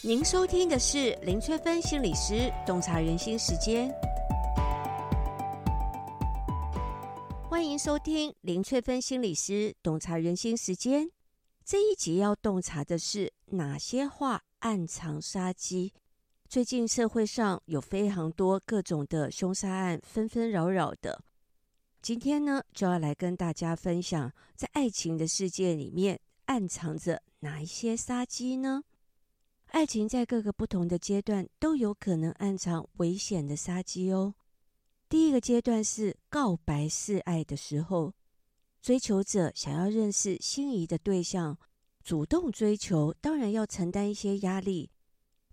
您收聽的是林萃芬心理師洞察人心時間，歡迎收聽林萃芬心理師洞察人心時間。這一集要洞察的是哪些話暗藏殺機？最近社會上有非常多各種的兇殺案，紛紛擾擾的。今天呢，就要來跟大家分享，在愛情的世界裡面，暗藏着哪一些殺機呢？愛情在各個不同的階段都有可能暗藏危險的殺機哦。第一個階段是告白示愛的時候，追求者想要認識心儀的對象，主動追求當然要承擔一些壓力，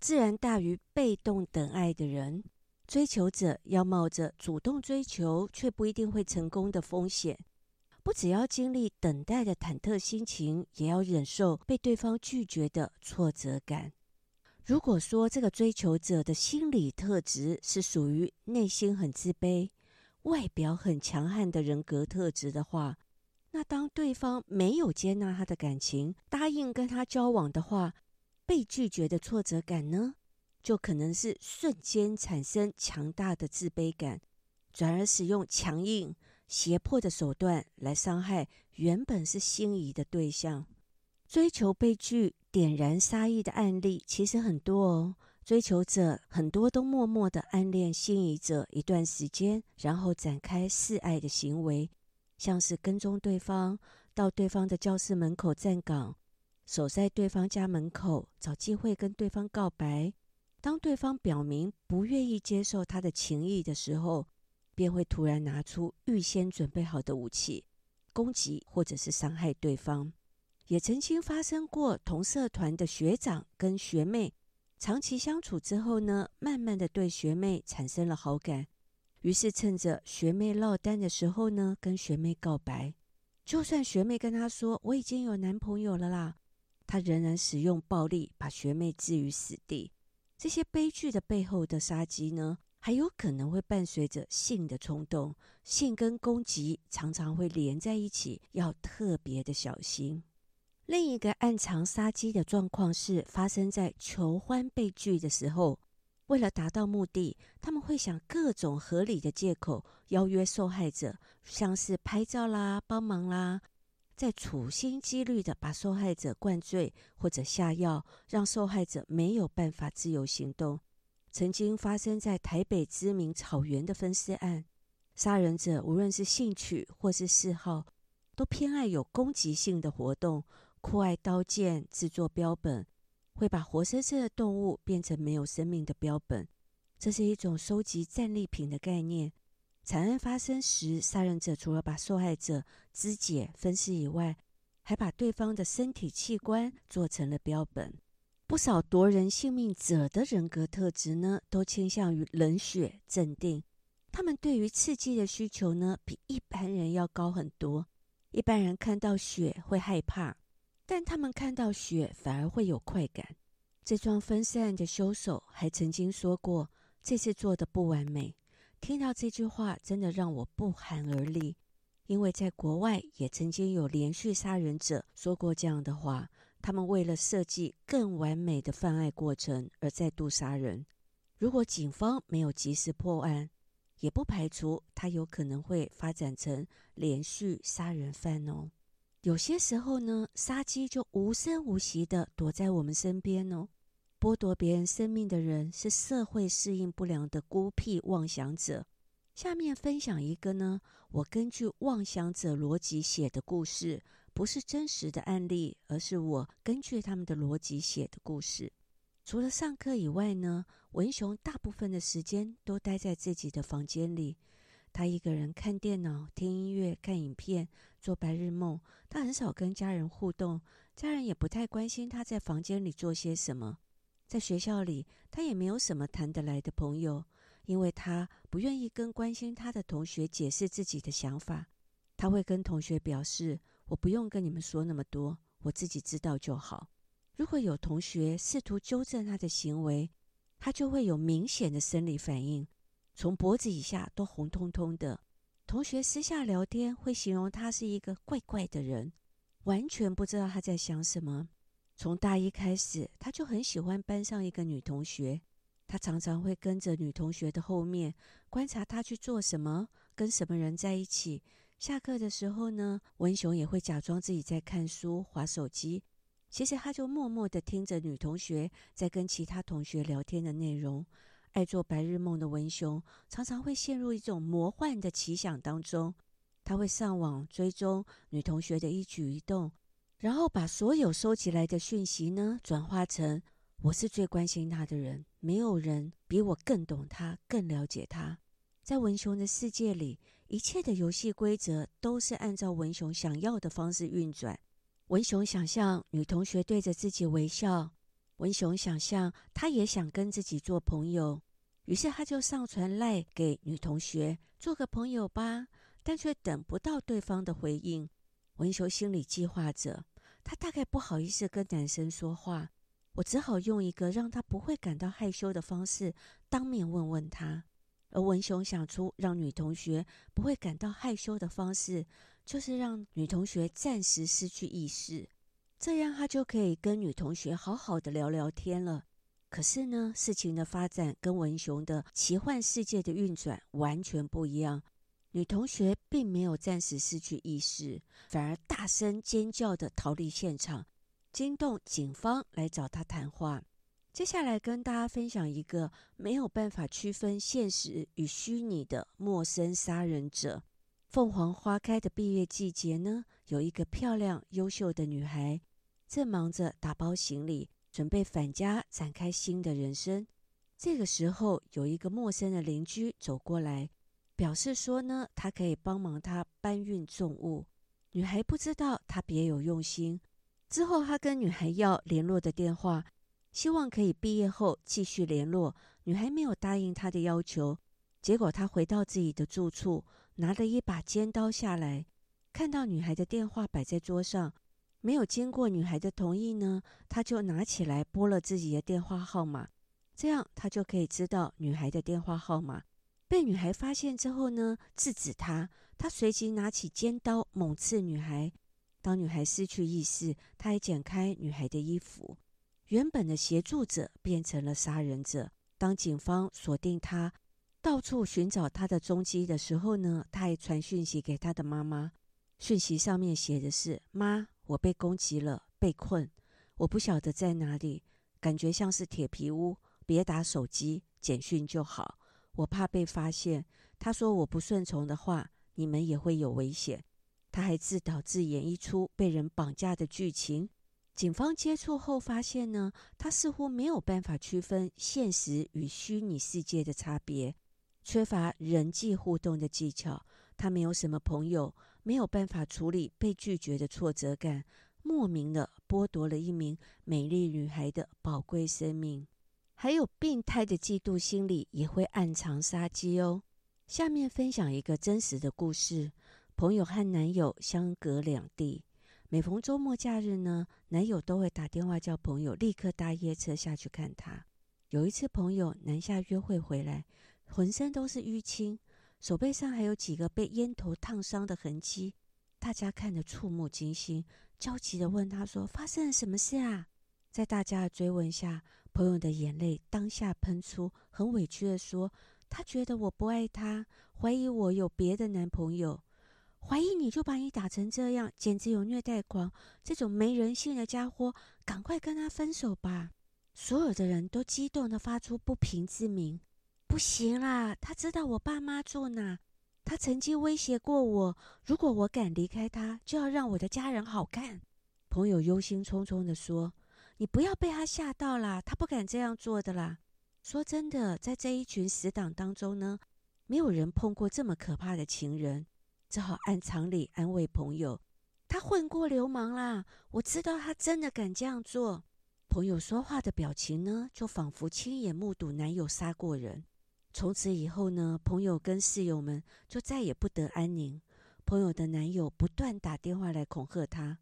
自然大於被動等愛的人。追求者要冒着主動追求卻不一定會成功的風險，不只要經歷等待的忐忑心情，也要忍受被對方拒絕的挫折感。如果說這個追求者的心理特質是屬於內心很自卑、外表很強悍的人格特質的話，那當對方沒有接納他的感情、答應跟他交往的話，被拒絕的挫折感呢，就可能是瞬間產生強大的自卑感，轉而使用強硬、脅迫的手段來傷害原本是心儀的對象，追求被拒。點燃殺意的案例其實很多哦。追求者很多都默默地暗戀心儀者一段時間，然後展開示愛的行為，像是跟蹤對方，到對方的教室門口站崗，守在對方家門口，找機會跟對方告白。當對方表明不願意接受他的情意的時候，便會突然拿出預先準備好的武器，攻擊或者是傷害對方。也曾經發生過同社團的學長跟學妹長期相處之後呢，慢慢的對學妹產生了好感，於是趁着學妹落單的時候呢，跟學妹告白。就算學妹跟他說“我已經有男朋友了啦”，他仍然使用暴力把學妹置於死地。這些悲劇的背後的殺機呢，還有可能會伴隨着性的衝動，性跟攻擊常常會連在一起，要特別的小心。另一個暗藏殺機的狀況是發生在求歡被拒的時候。為了達到目的，他們會想各種合理的借口邀約受害者，像是拍照啦、幫忙啦，再處心積慮地把受害者灌醉或者下藥，讓受害者沒有辦法自由行動。曾經發生在台北知名草原的分屍案，殺人者無論是興趣或是嗜好，都偏愛有攻擊性的活動。酷愛刀劍，製作標本，會把活生生的動物變成沒有生命的標本。這是一種收集戰利品的概念。慘案發生時，殺人者除了把受害者肢解分屍以外，還把對方的身體器官做成了標本。不少奪人性命者的人格特質呢，都傾向於冷血鎮定。他們對於刺激的需求呢，比一般人要高很多。一般人看到血會害怕。但他們看到血反而會有快感。這樁分屍案的兇手還曾經說過：“這次做的不完美。”聽到這句話，真的讓我不寒而栗。因為在國外也曾經有連續殺人者說過這樣的話，他們為了設計更完美的犯案過程而再度殺人。如果警方沒有及時破案，也不排除他有可能會發展成連續殺人犯哦。有些時候呢，殺機就無聲無息地躲在我們身邊哦。剝奪別人生命的人是社會適應不良的孤僻妄想者。下面分享一個呢，我根據妄想者邏輯寫的故事，不是真實的案例，而是我根據他們的邏輯寫的故事。除了上課以外呢，文雄大部分的時間都待在自己的房間裡。他一個人看電腦、聽音樂、看影片、做白日夢。他很少跟家人互動，家人也不太關心他在房間裡做些什麼。在學校裡，他也沒有什麼談得來的朋友，因為他不願意跟關心他的同學解釋自己的想法。他會跟同學表示：“我不用跟你們說那麼多，我自己知道就好。”如果有同學試圖糾正他的行為，他就會有明顯的生理反應。從脖子以下都紅通通的。同學私下聊天會形容他是一個怪怪的人，完全不知道他在想什麼。從大一開始，他就很喜歡班上一個女同學，他常常會跟着女同學的後面，觀察她去做什麼，跟什麼人在一起。下課的時候呢，文雄也會假裝自己在看書、滑手機，其實他就默默地聽着女同學在跟其他同學聊天的內容。愛做白日夢的文雄常常會陷入一種魔幻的奇想當中，他會上網追蹤女同學的一舉一動，然後把所有收起來的訊息呢轉化成我是最關心她的人，沒有人比我更懂她、更了解她。在文雄的世界裡，一切的遊戲規則都是按照文雄想要的方式運轉。文雄想象女同學對着自己微笑，文雄想象她也想跟自己做朋友。於是他就上傳 LINE 給女同學，做個朋友吧，但卻等不到對方的回應。文雄心裡計劃着，他大概不好意思跟男生說話，我只好用一個讓他不會感到害羞的方式當面問問他。而文雄想出讓女同學不會感到害羞的方式，就是讓女同學暫時失去意識，這樣他就可以跟女同學好好的聊聊天了。可是呢，事情的發展跟文雄的奇幻世界的運轉完全不一樣。女同學並沒有暫時失去意識，反而大聲尖叫地逃離現場，驚動警方來找她談話。接下來跟大家分享一個沒有辦法區分現實與虛擬的陌生殺人者。鳳凰花開的畢業季節呢，有一個漂亮優秀的女孩，正忙着打包行李。準備返家展開新的人生，這個時候有一個陌生的鄰居走過來，表示說呢，他可以幫忙他搬運重物。女孩不知道他別有用心，之後他跟女孩要聯絡的電話，希望可以畢業後繼續聯絡。女孩沒有答應他的要求，結果他回到自己的住處，拿了一把尖刀下來，看到女孩的電話擺在桌上。沒有經過女孩的同意呢，他就拿起來撥了自己的電話號碼，這樣他就可以知道女孩的電話號碼。被女孩發現之後呢，制止他，他隨即拿起尖刀猛刺女孩。當女孩失去意識，他還剪開女孩的衣服。原本的協助者變成了殺人者。當警方鎖定他，到處尋找他的蹤跡的時候呢，他還傳訊息給他的媽媽，訊息上面寫的是“媽”。我被攻擊了，被困，我不曉得在哪裡，感覺像是鐵皮屋。別打手機，簡訊就好。我怕被發現。他說我不順從的話，你們也會有危險。他還自導自演一出被人綁架的劇情。警方接觸後發現呢，他似乎沒有辦法區分現實與虛擬世界的差別，缺乏人際互動的技巧。他沒有什麼朋友。沒有辦法處理被拒絕的挫折感，莫名的剝奪了一名美麗女孩的寶貴生命，還有病態的嫉妒心理也會暗藏殺機哦。下面分享一個真實的故事：朋友和男友相隔兩地，每逢周末假日呢，男友都會打電話叫朋友立刻搭夜車下去看他。有一次，朋友南下約會回來，渾身都是淤青。手背上還有幾個被菸頭燙傷的痕迹，大家看得觸目驚心，焦急地問他說：“發生了什麼事啊？”在大家的追問下，朋友的眼淚當下噴出，很委屈地說：“他覺得我不愛他，懷疑我有別的男朋友，懷疑你就把你打成這樣，簡直有虐待狂！這種沒人性的家伙，趕快跟他分手吧！”所有的人都激動地發出不平之鳴。不行啦！他知道我爸媽住哪，他曾經威脅過我，如果我敢離開他，就要讓我的家人好看。朋友憂心忡忡地說：“你不要被他嚇到啦，他不敢這樣做的啦。”說真的，在這一群死黨當中呢，沒有人碰過這麼可怕的情人，只好按常理安慰朋友：“他混過流氓啦，我知道他真的敢這樣做。”朋友說話的表情呢，就仿佛親眼目睹男友殺過人。從此以後呢，朋友跟室友們就再也不得安寧。朋友的男友不斷打電話來恐嚇她：“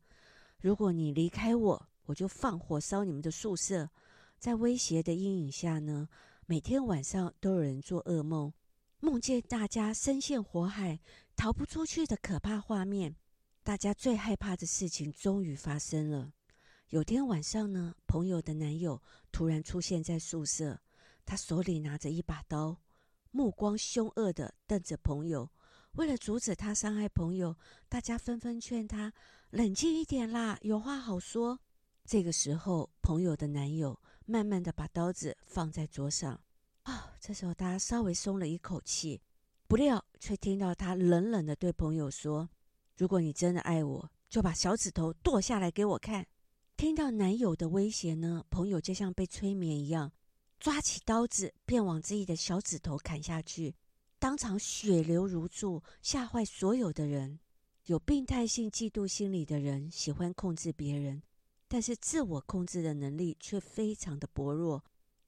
如果你離開我，我就放火燒你們的宿舍。”在威脅的陰影下呢，每天晚上都有人做噩夢，夢見大家身陷火海、逃不出去的可怕畫面。大家最害怕的事情終於發生了。有天晚上呢，朋友的男友突然出現在宿舍，他手裡拿着一把刀。目光凶惡地瞪着朋友，為了阻止他傷害朋友，大家紛紛勸他冷靜一點啦，有話好說。這個時候，朋友的男友慢慢的把刀子放在桌上，啊、哦，這時候他稍微鬆了一口氣，不料卻聽到他冷冷地對朋友說：“如果你真的愛我，就把小指頭剁下來給我看。”聽到男友的威脅呢，朋友就像被催眠一樣。抓起刀子便往自己的小指頭砍下去，當場血流如注，嚇壞所有的人。有病態性嫉妒心理的人，喜歡控制別人，但是自我控制的能力卻非常的薄弱。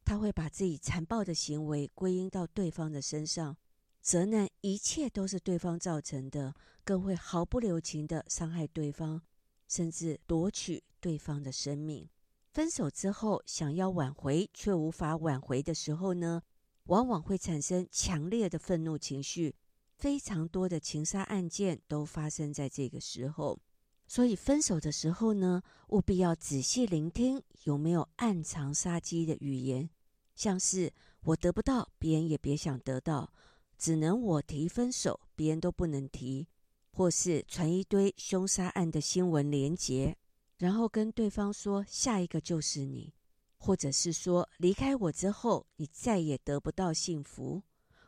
他會把自己殘暴的行為歸因到對方的身上，責難一切都是對方造成的，更會毫不留情地傷害對方，甚至奪取對方的生命。分手之後想要挽回卻無法挽回的時候呢，往往會產生強烈的憤怒情緒，非常多的情殺案件都發生在這個時候。所以分手的時候呢，務必要仔細聆聽有沒有暗藏殺機的語言，像是“我得不到，別人也別想得到，只能我提分手，別人都不能提”，或是傳一堆兇殺案的新聞連結。然後跟對方說：“下一個就是你，或者是說離開我之後，你再也得不到幸福，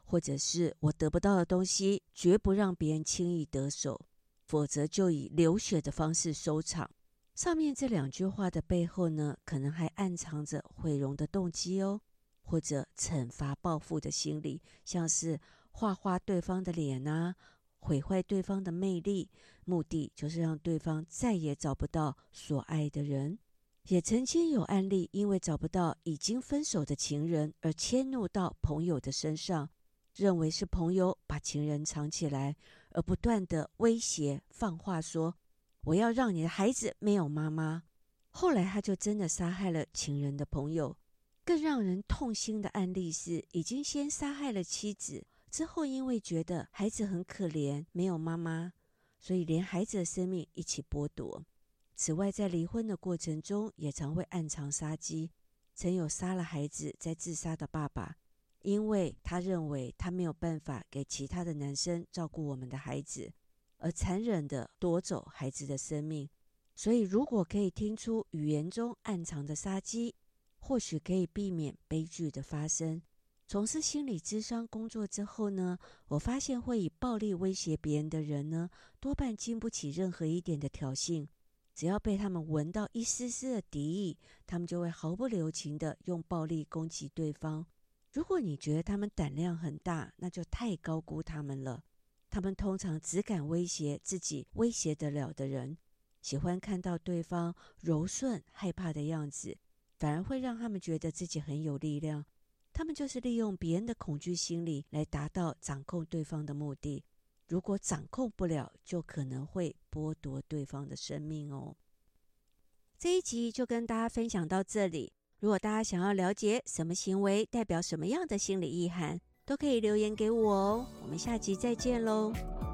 或者是我得不到的東西，絕不讓別人輕易得手，否則就以流血的方式收場。”上面這兩句話的背後呢，可能還暗藏着毀容的動機哦，或者懲罰報復的心理，像是畫畫對方的臉吶、啊。毀壞對方的魅力，目的就是讓對方再也找不到所愛的人。也曾經有案例，因為找不到已經分手的情人而遷怒到朋友的身上，認為是朋友把情人藏起來，而不斷地威脅、放話說：“我要讓你的孩子沒有媽媽。”後來他就真的殺害了情人的朋友。更讓人痛心的案例是，已經先殺害了妻子。之後，因為覺得孩子很可憐，沒有媽媽，所以連孩子的生命一起剝奪。此外，在離婚的過程中，也常會暗藏殺機，曾有殺了孩子再自殺的爸爸，因為他認為他沒有辦法給其他的男生照顧我們的孩子，而殘忍地奪走孩子的生命。所以，如果可以聽出語言中暗藏的殺機，或許可以避免悲劇的發生。從事心理諮商工作之後呢，我發現會以暴力威脅別人的人呢，多半經不起任何一點的挑釁。只要被他們聞到一絲絲的敵意，他們就會毫不留情地用暴力攻擊對方。如果你覺得他們膽量很大，那就太高估他們了。他們通常只敢威脅自己威脅得了的人，喜歡看到對方柔順害怕的樣子，反而會讓他們覺得自己很有力量。他們就是利用別人的恐懼心理來達到掌控對方的目的。如果掌控不了，就可能會剝奪對方的生命哦。這一集就跟大家分享到這裡。如果大家想要了解什麼行為代表什麼樣的心理意涵，都可以留言給我哦。我們下集再見嘍。